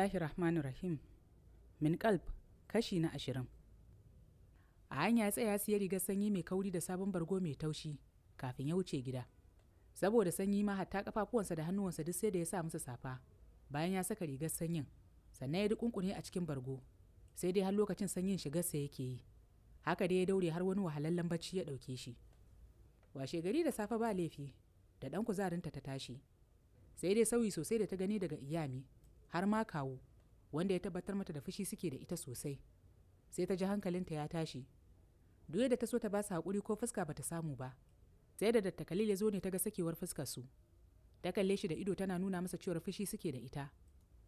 bismillahi rahmanu rahim min kalb kashi na ashirin a hanya ya tsaya siya rigar sanyi mai kauri da sabon bargo mai taushi kafin ya wuce gida saboda sanyi ma hatta kafafuwansa da hannuwansa duk sai da ya sa masa safa bayan ya saka rigar sanyin sannan ya dukunkune a cikin bargo sai dai har lokacin sanyin shigar shigarsa yake yi haka dai ya daure har wani wahalallen bacci ya ɗauke shi washe gari da safe ba laifi da ɗan kuzarinta ta tashi sai dai sauyi sosai da ta gani daga iyami har ma kawo wanda ya tabbatar mata da fushi suke da ita sosai sai ta ji hankalinta ya tashi duk da ta so ta ba su haƙuri ko fuska bata samu ba sai da datta ya zo ne ta ga sakewar fuskar su ta kalle shi da ido tana nuna masa cewar fushi suke da ita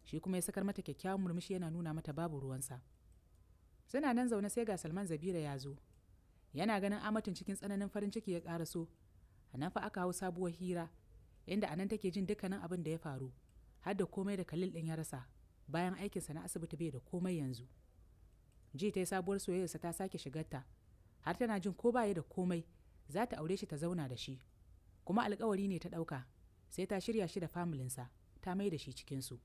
shi kuma ya sakar mata kyakkyawan murmushi yana nuna mata babu ruwansa suna nan zaune sai ga salman zabira ya zo yana ganin amatin cikin tsananin farin ciki ya ƙara so a nan fa aka hau sabuwar hira inda anan take jin dukkanin abin da ya faru har da komai da kalil din ya rasa bayan aikinsa na asibiti bai da komai yanzu ji ta yi sabuwar soyayyarsa ta sake shigarta har tana jin ko baya da komai za ta aure shi ta zauna da shi kuma alkawari ne ta ɗauka sai ta shirya shi da familinsa ta mai da shi cikinsu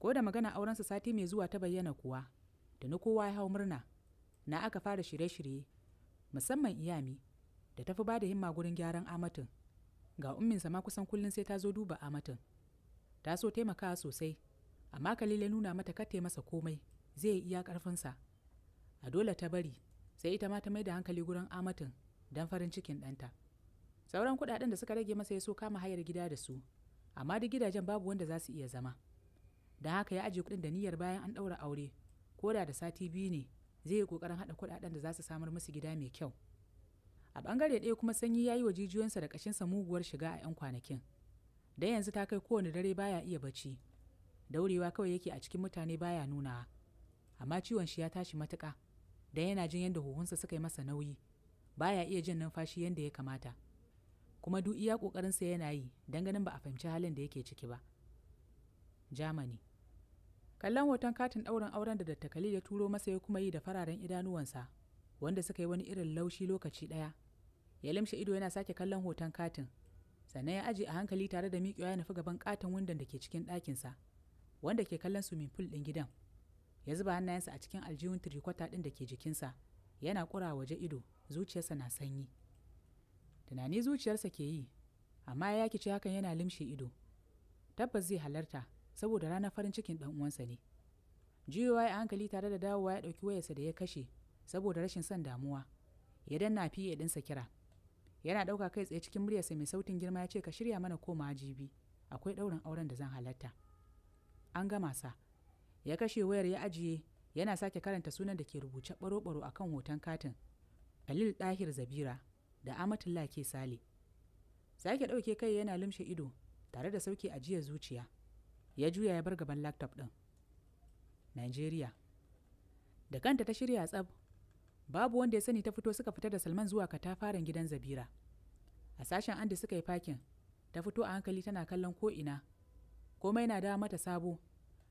ko da magana aurensa sati mai zuwa ta bayyana kuwa da na kowa ya hau murna na aka fara shirye-shirye musamman iyami da tafi ba da himma gurin gyaran amatin ga umminsa ma kusan kullum sai ta zo duba amatin ta so taimakawa sosai amma kalil ya nuna mata kate masa komai zai iya karfinsa. a dole ta bari sai ita ma ta mai da hankali gurin amatin don farin cikin ɗanta sauran kuɗaɗen da suka rage masa ya so kama hayar gida da su amma duk gidajen babu wanda za su iya zama da haka ya ajiye kuɗin da niyyar bayan an ɗaura aure ko da da sati biyu ne zai yi ƙoƙarin haɗa kuɗaɗen da za su samar musu gida mai kyau a ɓangare ɗaya kuma sanyi ya yi wa jijiyoyinsa da ƙashinsa muguwar shiga a 'yan kwanakin da yanzu ta kai kowane dare baya iya bacci daurewa kawai yake a cikin mutane baya nunawa amma ciwon shi ya tashi matuka da yana jin yadda huhunsa suka yi masa nauyi baya iya jin numfashi yadda ya kamata kuma duk iya sa yana yi don ganin ba a fahimci halin da yake ciki ba germany kallon hoton katin ɗaurin auren da dattakali ya turo masa ya kuma yi da fararen idanuwansa wanda suka yi wani irin laushi lokaci ɗaya ya limshe ido yana sake kallon hoton katin sannan ya aje a hankali tare da miƙewa ya nufi gaban katon windon da ke cikin ɗakinsa wanda ke kallon swimming pool ɗin gidan ya zuba hannayensa a cikin aljihun tirikwata ɗin da ke jikinsa yana ƙura waje ido zuciyarsa na sanyi tunani zuciyarsa ke yi amma ya yakice hakan yana limshe ido tabbas zai halarta saboda ranar farin cikin ɗan uwansa ne juyowa ya hankali tare da dawowa ya ɗauki wayarsa da ya kashe saboda rashin son damuwa ya danna fiye ɗinsa kira yana ɗauka kai tsaye cikin muryarsa mai sautin girma ya ce ka shirya mana koma jibi akwai ɗaurin auren da zan halatta an gama sa ya kashe wayar ya ajiye yana sake karanta sunan da ke rubuce baro-baro a kan hoton katin Khalil ɗahir zabira da amatullah ke sale sake ɗauke kai yana lumshe ido tare da sauke ajiyar zuciya ya juya ya bar gaban laptop ɗin nigeria da kanta ta shirya tsab babu wanda ya sani ta fito suka fita da salman zuwa katafaren gidan zabira a sashen andi suka yi fakin ta fito a hankali tana kallon ko'ina. ina komai na dawo mata sabo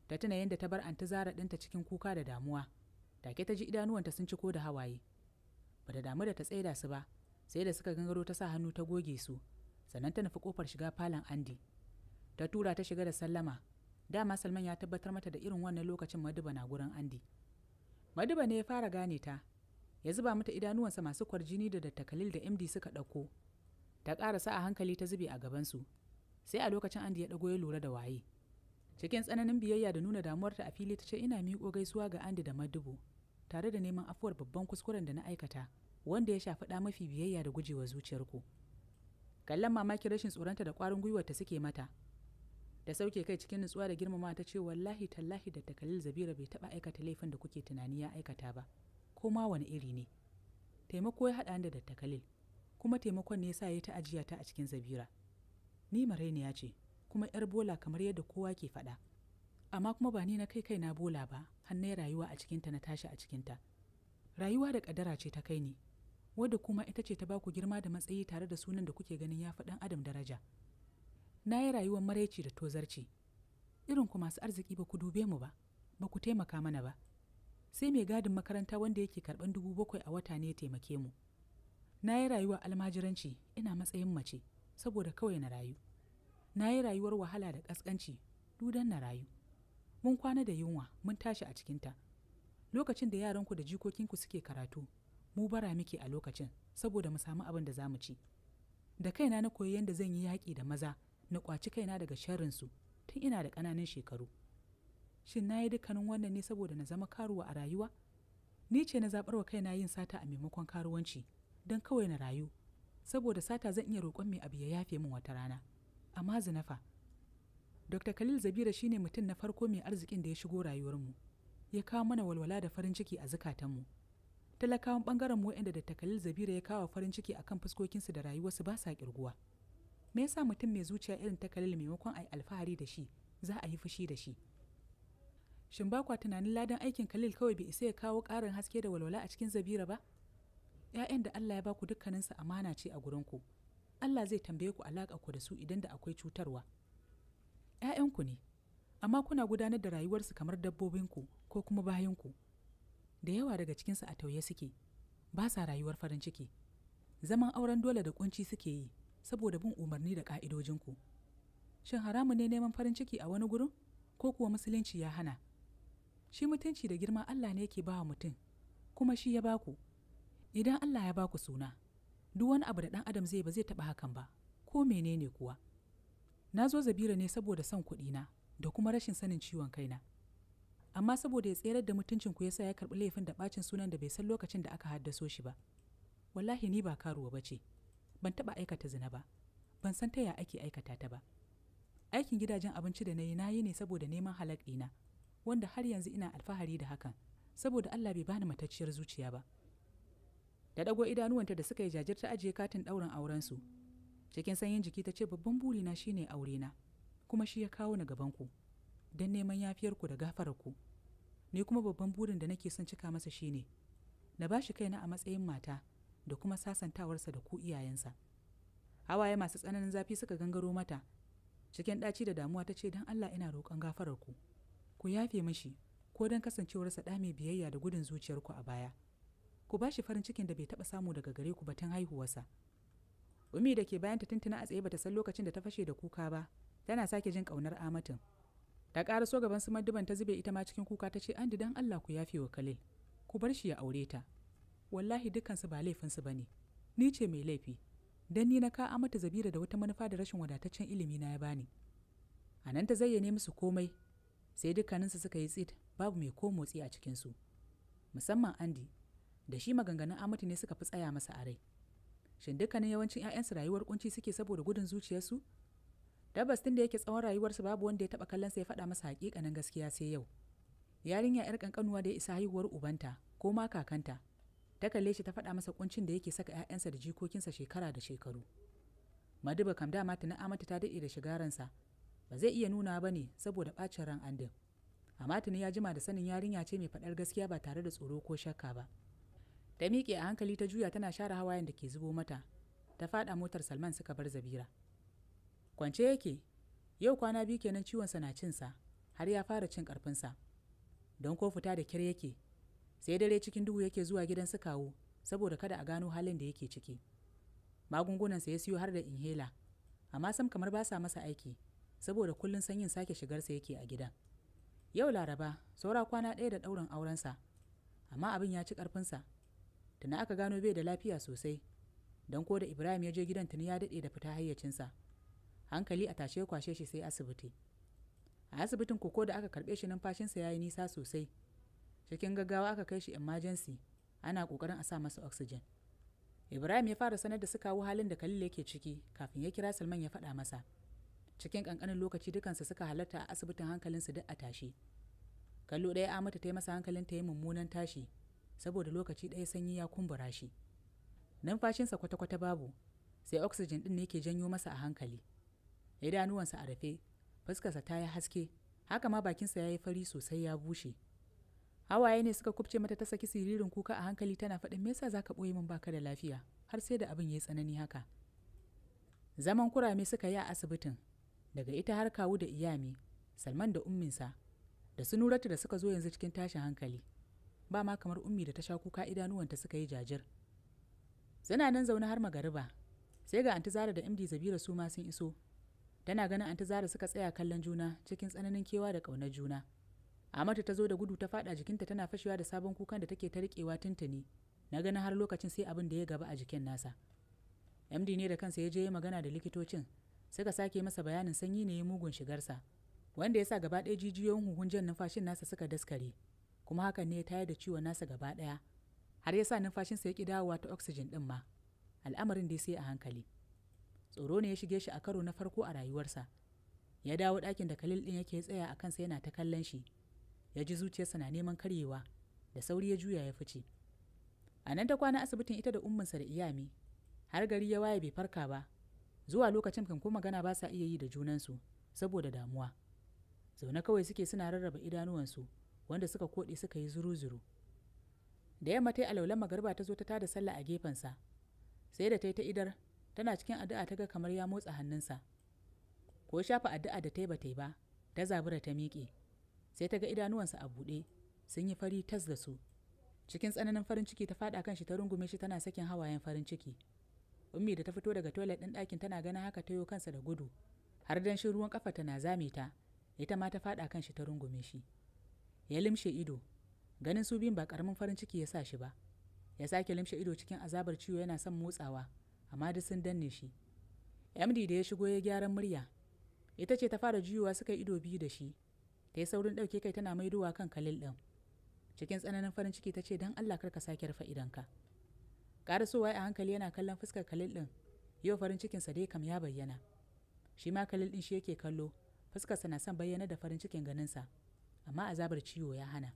ta tuna yadda ta bar anta zara ɗinta cikin kuka da damuwa take ta ji idanuwanta sun ci ko da hawaye Ba da damu da ta tsaida su ba sai da suka gangaro ta sa hannu ta goge su sannan ta nufi kofar shiga falon andi ta tura ta shiga da sallama dama salman ya tabbatar mata da irin wannan lokacin maduba na gurin andi maduba ne ya fara gane ta ya zuba mata idanuwansa masu kwarjini da dattakalil da md suka ɗauko ta ƙarasa a hankali ta zube a gabansu sai a lokacin andi ya ɗago ya lura da waye cikin tsananin biyayya da nuna damuwarta a fili ta ce ina miƙo gaisuwa ga andi da madubu tare da neman afuwar babban kuskuren da na aikata wanda ya shafi ɗa mafi biyayya da gujewa zuciyarku kallon mamakin rashin tsoronta da ƙwarin gwiwar ta suke mata da sauke kai cikin nutsuwa da girmama ta ce wallahi tallahi da takalil zabira bai taɓa aikata laifin da kuke tunani ya aikata ba ko ma wani iri ne taimako ya haɗa da datta kuma taimakon ne yasa ya ta ajiya ta a cikin zabira ni ya ce kuma yar bola kamar yadda kowa ke faɗa amma kuma ba ni na kai kaina bola ba hannun na rayuwa a cikinta na tashi a cikinta rayuwa da ƙadara ce ta kai ni wadda kuma ita ce ta baku girma da matsayi tare da sunan da kuke ganin ya fi ɗan adam daraja na yi rayuwar maraici da tozarci irin ku masu arziki ba ku dube mu ba ba ku taimaka mana ba sai mai gadin makaranta wanda yake karɓan dubu bakwai a wata ne ya taimake mu na yi rayuwa almajiranci ina matsayin mace saboda kawai na rayu na yi rayuwar wahala da ƙasƙanci dudan na rayu mun kwana da yunwa mun tashi a cikinta lokacin da yaranku da jikokinku suke karatu mu bara muke a lokacin saboda mu samu abin da za mu ci da kaina na koyi yadda zan yi yaƙi da maza na ƙwaci kaina daga sharrinsu tun ina da ƙananan shekaru shin na yi dukkanin wannan ne saboda na zama karuwa a rayuwa ni ce na zaɓar wa kaina yin sata a maimakon karuwanci don kawai na rayu saboda sata zan iya roƙon mai abu ya yafe min wata rana amma zinafa dr khalil zabira shine mutum na farko mai arzikin da ya shigo rayuwarmu ya kawo mana walwala da farin ciki a zukatanmu talakawan bangaren mu waɗanda dr khalil zabira ya kawo farin ciki a akan fuskokinsu da rayuwarsu ba sa kirguwa me yasa mutum mai zuciya irin ta khalil maimakon ayi alfahari da shi za a yi fushi da shi Shin ba kwa tunanin ladan aikin Khalil kawai bai isa ya kawo ƙarin haske da walwala a cikin zabira ba? ‘Ya'yan da Allah ya ba ku amana ce a gurinku. Allah zai tambaye ku alaƙa ku da su idan da akwai cutarwa. ‘Ya'yanku ne, amma kuna gudanar da rayuwarsu kamar dabbobinku ko kuma bayanku. Da yawa daga cikinsu a tauye suke, ba sa rayuwar farin ciki. Zaman auren dole da kunci suke yi, saboda bin umarni da ƙa'idojinku. Shin haramu ne neman farin ciki a wani gurin? Ko kuwa musulunci ya hana? shi mutunci da girma Allah ne yake ba wa mutum kuma shi ya baku idan Allah ya baku suna duk wani abu da dan adam zai ba zai taɓa hakan ba ko menene kuwa na zo zabira ne saboda son na, da kuma rashin sanin ciwon kai na. amma saboda ya tserar da mutuncin ku yasa ya karɓi laifin da ɓacin sunan da bai san lokacin da aka haddaso shi ba wallahi ni ba karuwa ba ce ban taɓa aikata zina ba ban san ta ya ake aikata ta ba aikin gidajen abinci da na yi na yi ne saboda neman halak ɗina wanda har yanzu ina alfahari da hakan saboda Allah bai bani matacciyar zuciya ba da dago idanuwanta da suka yi jajir ta ajiye katin ɗaurin aurensu cikin sanyin jiki ta ce babban burina shine na, kuma shi ya kawo na gabanku. don neman yafiyarku da gafararku ni kuma babban burin da nake son cika masa shine na bashi kaina a matsayin mata da kuma sasantawarsa da ku iyayensa hawaye masu tsananin zafi suka gangaro mata cikin ɗaci da damuwa ta ce don allah ina roƙon gafararku ku yafe mashi ko don kasancewarsa ɗa mai biyayya da gudun zuciyarku a baya ku ba shi farin cikin da bai taɓa samu daga gare ku batun haihuwarsa umi da ke bayan ta tuntuna a tsaye bata san lokacin da ta fashe da kuka ba tana sake jin ƙaunar amatin ta ƙara so gaban su madduban ta zube ita ma cikin kuka ta ce an dan allah ku yafe wa kalil ku bar shi ya aure ta wallahi dukkansu ba laifinsu ba ne ni ce mai laifi dan ni na ka mata zabira da wata manufa da rashin wadataccen ilimi na ya bani a nan ta zayyane musu komai sai dukkaninsu suka yi tsit babu mai ko motsi a cikinsu musamman andi da shi maganganun amatu ne suka fi tsaya masa a rai shin dukkanin yawancin 'ya'yansu rayuwar kunci suke saboda gudun zuciyarsu tabbas tun da yake tsawon rayuwarsu babu wanda ya taɓa kallon sa ya faɗa masa hakikanin gaskiya sai yau yarinya 'yar kankanuwa da ya isa haihuwar ubanta ko ma kakanta ta kalle shi ta faɗa masa kuncin da yake saka 'ya'yansa da jikokinsa shekara da shekaru maduba kam dama na amata ta daɗe da shigaransa ba zai iya nuna ba ne saboda ɓacin ran andin amma tuni ya jima da sanin yarinya ce mai faɗar gaskiya ba tare da tsoro ko shakka ba da miƙe a hankali ta juya tana share hawayen da ke zubo mata ta faɗa motar salman suka bar zabira kwance yake yau kwana biyu kenan ciwon sa na cinsa har ya fara cin ƙarfinsa don ko fita da kir yake sai dare cikin duhu yake zuwa gidan su kawo saboda kada a gano halin da yake ciki magungunansa ya siyo har da inhaler amma sam kamar ba sa masa aiki saboda kullum sanyin sake shigarsa yake a gidan yau laraba saura kwana ɗaya da ɗaurin aurensa amma abin ya ci ƙarfinsa tuni aka gano bai da lafiya sosai don ko da ibrahim ya je gidan tuni ya daɗe da fita hayyacinsa hankali a tashe kwashe shi sai asibiti a asibitin koko da aka karɓe shi numfashinsa ya yi nisa sosai cikin gaggawa aka kai shi emergency ana ƙoƙarin a sa masa oxygen ibrahim ya fara sanar da su kawo halin da khalil yake ciki kafin ya kira salman ya faɗa masa cikin kankanin lokaci dukansu suka halatta a asibitin hankalinsu duk a tashi kallo ɗaya amata ta yi masa hankalin ta yi mummunan tashi saboda lokaci ɗaya sanyi ya kumbura shi numfashinsa kwata-kwata babu sai oxygen ɗin ne ke janyo masa a hankali idanuwansa a rufe fuskarsa ta yi haske haka ma bakinsa ya yi fari sosai ya bushe hawaye ne suka kubce mata ta saki siririn kuka a hankali tana faɗin me yasa zaka ɓoye min baka da lafiya har sai da abin ya yi tsanani haka zaman kurame suka yi a asibitin daga ita har kawu da iyami salman da umminsa da su nuratu da suka zo yanzu cikin tashin hankali ba ma kamar ummi da ta sha kuka idanuwanta suka yi jajir suna nan zaune har magariba sai ga anti zara da md zabira su ma sun iso tana ganin anti zara suka tsaya kallon juna cikin tsananin kewa da ƙaunar juna amatu ta zo da gudu ta faɗa jikinta tana fashewa da sabon kukan da take ta riƙewa tuntuni na ganin har lokacin sai abin da ya gaba a jikin nasa md ne da kansa ya je magana da likitocin suka sake masa bayanin sanyi ne ya mugun shigarsa wanda ya sa gaba ɗaya jijiyoyin huhun jan numfashin nasa suka daskare kuma hakan ne ya tayar da ciwon nasa gaba ɗaya har ya sa numfashinsa ya ƙi dawowa ta oxygen ɗin ma al'amarin dai sai a hankali tsoro ne ya shige shi a karo na farko a rayuwarsa ya dawo ɗakin da kalil ɗin yake tsaya a kansa yana ta kallon shi ya ji zuciyarsa na neman karyewa da sauri ya juya ya fice a nan ta kwana asibitin ita da umminsa da iyami har gari ya waye bai farka ba zuwa lokacin kan ko magana ba sa iya yi da junansu saboda damuwa zaune kawai suke suna rarraba idanuwansu wanda suka koɗe suka yi zuru-zuru da yamma ta yi alaulan magarba ta zo ta tada sallah a gefensa sai da ta yi ta idar tana cikin addu'a ta ga kamar ya motsa hannunsa ko shafa addu'a da ta yi ba ta yi ba ta zabura ta miƙe sai ta ga idanuwansa a buɗe sun yi fari tas da su cikin tsananin farin ciki ta faɗa kan shi ta rungume shi tana sakin hawayen farin ciki ummi da ta fito daga toilet ɗin ɗakin tana ganin haka ta yo kansa da gudu har danshin ruwan ƙafa tana zame ta ita ma ta faɗa kan shi ta rungume shi ya limshe ido ganin su biyun ba ƙaramin farin ciki ya sa shi ba ya sake limshe ido cikin azabar ciwo yana son motsawa amma duk sun danne shi md da ya shigo ya gyaran murya ita ce ta fara juyowa suka ido biyu da shi ta yi saurin ɗauke kai tana maidowa kan kalil ɗin cikin tsananin farin ciki ta ce don allah kar ka sake rufe ka. ƙarasowa a hankali yana kallon fuskar kalil ɗin yau farin cikinsa dai kam ya bayyana shi ma kalil ɗin shi yake kallo fuskarsa na son bayyana da farin cikin ganinsa amma azabar ciwo ya hana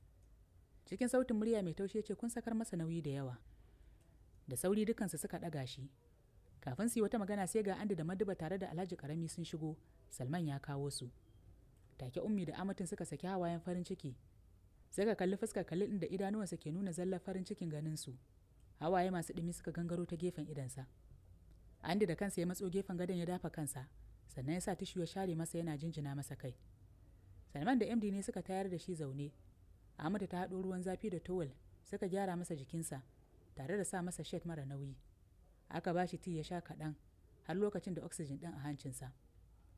cikin sautin murya mai taushe ce kun sakar masa nauyi da yawa da sauri dukansu suka ɗaga shi kafin su yi wata magana sai ga andi da maduba tare da alhaji karami sun shigo salman ya kawo su take ummi da amatin suka saki hawayen farin ciki sai ka kalli fuskar kalil ɗin da idanuwansa ke nuna zallar farin cikin ganinsu hawaye masu ɗumi suka gangaro ta gefen idansa andi da kansa ya matso gefen gadon ya dafa kansa sannan ya sa tishiyo ya share masa yana jinjina masa kai salman da md ne suka tayar da shi zaune amata ta haɗo ruwan zafi da towel suka gyara masa jikinsa tare da sa masa shet mara nauyi aka ba shi ti ya sha kaɗan har lokacin da oxygen ɗin a hancinsa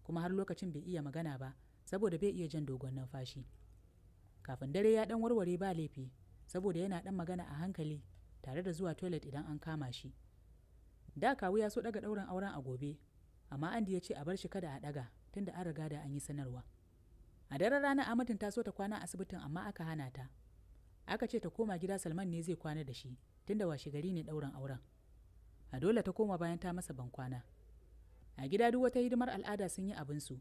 kuma har lokacin bai iya magana ba saboda bai iya jan dogon numfashi kafin dare ya ɗan warware ba laifi saboda yana ɗan magana a hankali tare da zuwa toilet idan an kama shi da kawu ya so daga dauran auren a gobe amma andi ya ce a bar shi kada a daga tunda an riga da an yi sanarwa a daren rana amatin ta so ta kwana asibitin amma aka hana ta aka ce ta koma gida salman ne zai kwana da shi tunda washe gari ne dauran auren a dole ta koma bayan ta masa ban kwana a gida duk wata hidimar al'ada sun yi abinsu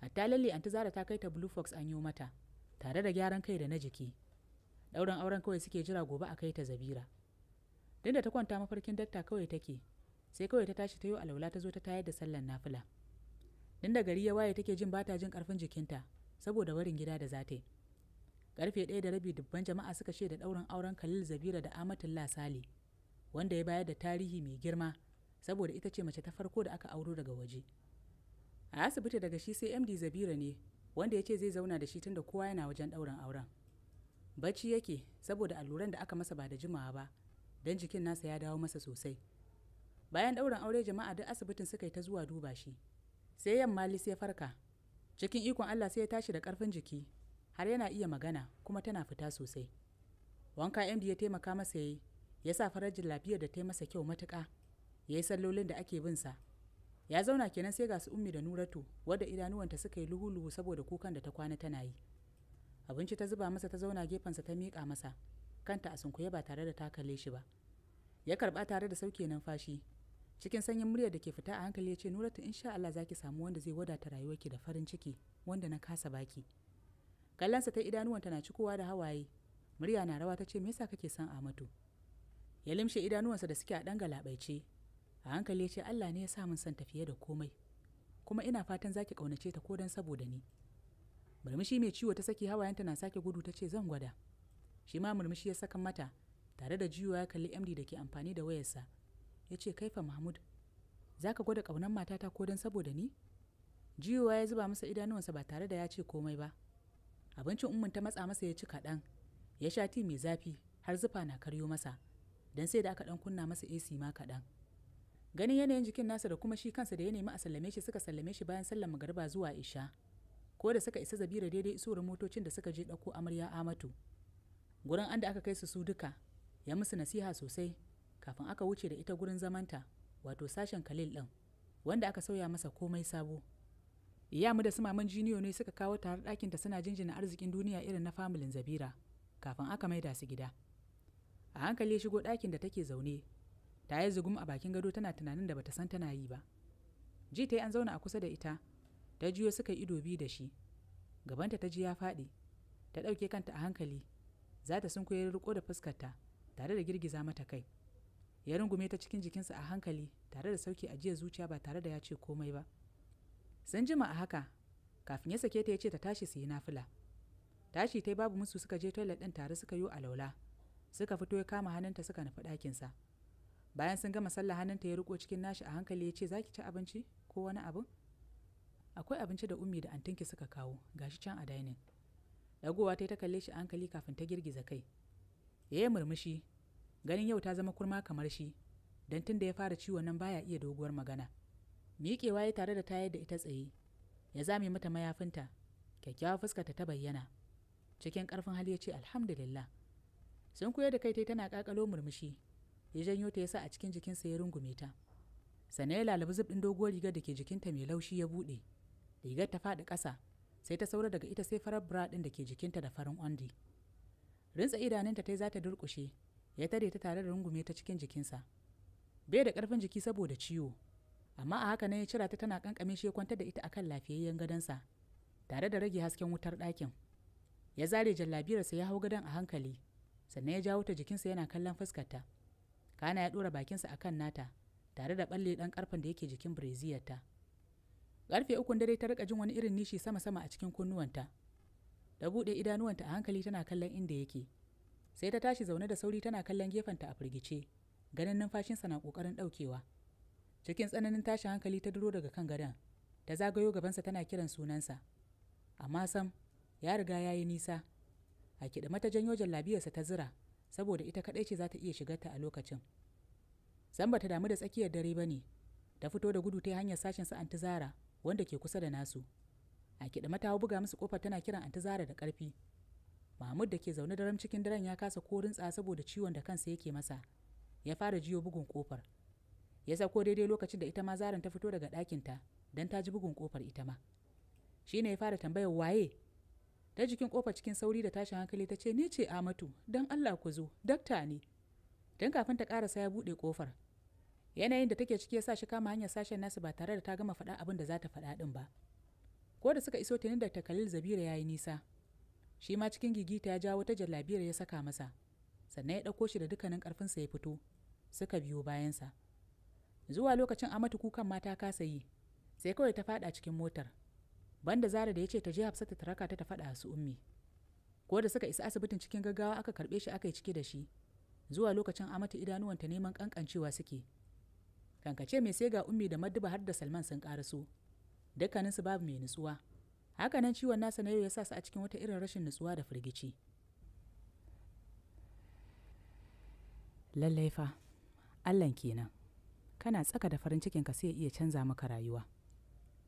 hatta lalle anti zara ta kai ta blue fox an yi mata tare da gyaran kai da na jiki ɗaurin auren kawai suke jira gobe a kai ta zabira duk ta kwanta mafarkin datta kawai take sai kawai ta tashi ta yi alaula ta zo ta tayar da sallar nafila din gari ya waye take jin bata jin karfin jikinta saboda warin gida da zata yi karfe ɗaya da rabi dubban jama'a suka shaida ɗaurin auren khalil zabira da amatullah sali wanda ya bayar da tarihi mai girma saboda ita ce mace ta farko da aka auro daga waje a asibiti daga shi sai md zabira ne wanda ya ce zai zauna da shi tunda kowa yana wajen ɗaurin auren bacci yake saboda alluran da aka masa ba da jimawa ba don jikin nasa ya dawo masa sosai bayan ɗaurin aure jama'a duk asibitin suka yi ta zuwa duba shi sai yamma lisa ya farka cikin ikon allah sai ya tashi da ƙarfin jiki har yana iya magana kuma tana fita sosai wanka md ya taimaka masa ya yi ya sa farajin lafiyar da ta yi masa kyau matuka, ya yi sallolin da ake bin sa ya zauna kenan sai ga su ummi da nuratu wadda idanuwanta suka yi luhu-luhu saboda kukan da ta kwana tana yi abinci ta zuba masa ta zauna gefensa ta miƙa masa kanta a sunkuye ba tare da takale shi ba ya karɓa tare da sauke numfashi cikin sanyin murya da ke fita a hankali ya ce nuratu insha Allah za ki samu wanda zai wadata rayuwarki da farin ciki wanda na kasa baki kallonsa ta idanuwanta na cikowa da hawaye murya na rawa ta ce me yasa kake son amatu ya limshe idanuwansa da suke a ɗan galabaice a hankali ya ce Allah ne ya sa min son tafiye da komai kuma ina fatan zaki ƙaunace ta ko dan saboda ni murmushi mai ciwo ta saki hawayenta na sake gudu ta ce zan gwada shi ma murmushi ya saka mata tare da jiwa ya kalli md da ke amfani da wayarsa ya ce kaifa mahmud za ka gwada ƙaunar matata ko don saboda ni jiwa ya zuba masa idanuwansa ba tare da ya ce komai ba abincin ummin ta matsa masa ya ci kaɗan ya sha ti mai zafi har zufa na karyo masa don sai da aka ɗan kunna masa ac ma kaɗan ganin yanayin jikin nasa da kuma shi kansa da ya nemi a sallame shi suka sallame shi bayan sallar magariba zuwa isha ko da suka isa zabira daidai isowar motocin da suka je ɗauko amarya amatu gurin an da aka kai su su duka ya musu nasiha sosai kafin aka wuce da ita gurin zamanta wato sashen kalil ɗin wanda aka sauya masa komai sabo iya mu da su maman jiniyo ne suka kawo tare ta suna jinjina arzikin duniya irin na familin zabira kafin aka maida su gida a hankali ya shigo ɗakin da take zaune ta yi zugum a bakin gado tana tunanin da bata san tana yi ba ji ta an zauna a kusa da ita ta jiyo suka ido biyu da shi gabanta ta ji ya faɗi ta ɗauke kanta a hankali za ta sun koyar riko da fuskarta tare da girgiza mata kai ya rungume ta cikin jikinsa a hankali tare da sauki jiya zuciya ba tare da ya ce komai ba sun jima a haka kafin ya sake ta ya ce ta tashi su yi nafila tashi ta babu musu suka je toilet ɗin tare suka yi laula, suka fito ya kama hannunta suka nufi ɗakinsa bayan sun gama sallah hannunta ya riko cikin nashi a hankali ya ce za ki ci abinci ko wani abu?" akwai abinci da ummi da antinki suka kawo gashi can a dainin. dagowa ta yi ta kalle shi hankali kafin ta girgiza kai ya yi murmushi ganin yau ta zama kurma kamar shi don tun da ya fara ciwon nan baya iya doguwar magana miƙewa ya tare da tayar da ita tsaye ya zame mata mayafinta kyakkyawa fuska ta bayyana cikin ƙarfin hali ya ce alhamdulillah sun koyar da kai tai tana ƙaƙalo murmushi ya janyo ta ya sa a cikin jikinsa ya rungume ta sannan ya lalabi zub ɗin doguwar rigar da ke jikinta mai laushi ya buɗe rigar ta faɗi ƙasa sai ta saura daga ita sai farar bra ɗin da ke jikinta da farin ondi rintsa idanunta ta za ta durƙushe ya tare ta tare da rungume ta cikin jikinsa bai da ƙarfin jiki saboda ciwo amma a haka ne ya cira ta tana ƙanƙame shi ya kwantar da ita akan lafiyayyen gadonsa tare da rage hasken wutar ɗakin ya zare jallabiyarsa ya hau gadon a hankali sannan ya jawo ta jikinsa yana kallon fuskarta kana ya ɗora bakinsa akan nata tare da ɓalle ɗan ƙarfen da yake jikin breziyarta Karfe ukun dare ta rika jin wani irin nishi sama-sama a cikin kunnuwanta. Da buɗe idanuwanta a hankali tana kallon inda yake. Sai ta tashi zaune da sauri tana kallon gefenta a firgice. Ganin numfashinsa na ƙoƙarin ɗaukewa. Cikin tsananin tashi hankali ta duro daga kan gadon. Ta zagayo gabansa tana kiran sunansa. Amma sam, ya riga ya yi nisa. A kiɗa mata janyo jallabiyarsa ta zira, saboda ita kaɗai ce za ta iya shigarta a lokacin. Sam ba ta damu da tsakiyar dare ba ne, ta fito da gudu ta hanyar sashen sa Antizara wanda ke kusa da nasu a kiɗa mata buga musu kofar tana kiran anti zara da ƙarfi mahmud da ke zaune daren cikin daren ya kasa ko rintsa saboda ciwon da kansa yake masa ya fara jiyo bugun kofar ya sako daidai lokacin da ita ma zaran ta fito daga ɗakinta don ta ji bugun kofar ita ma shi ne ya fara tambayar waye ta jikin kofar cikin sauri da tashin hankali ta ce ni ce amatu don allah ku zo dakta ne don kafin ta karasa ya buɗe kofar yanayin da take ciki ya sa shi kama hanyar sashen nasu ba tare da ta gama faɗa abin da za ta faɗa ɗin ba ko da suka iso tuni da takalil zabira ya yi nisa shi ma cikin gigita ya jawo ta jallabiyar ya saka masa sannan ya ɗauko shi da dukkanin ƙarfinsa ya fito suka biyo bayansa zuwa lokacin amatu kukan ma ta kasa yi sai kawai ta faɗa cikin motar banda zara da ya ce ta je hafsata ta raka ta ta faɗa su ummi ko da suka isa asibitin cikin gaggawa aka karɓe shi aka yi ciki da shi zuwa lokacin amatu idanuwanta neman ƙanƙancewa suke kankace mai sai ga ummi da madduba har da salman sun karaso dukkaninsu babu mai nutsuwa Haka nan, ciwon nasa na yau ya sa su a cikin wata irin rashin nutsuwa da firgici lallai fa allan kenan kana tsaka da farin cikin ka sai ya iya canza maka rayuwa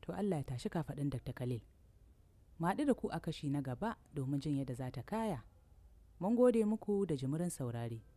to allah ya tashi kafaɗin dr khalil maɗi da ku a kashi na gaba domin jin yadda za ta kaya mun gode muku da jimirin saurari.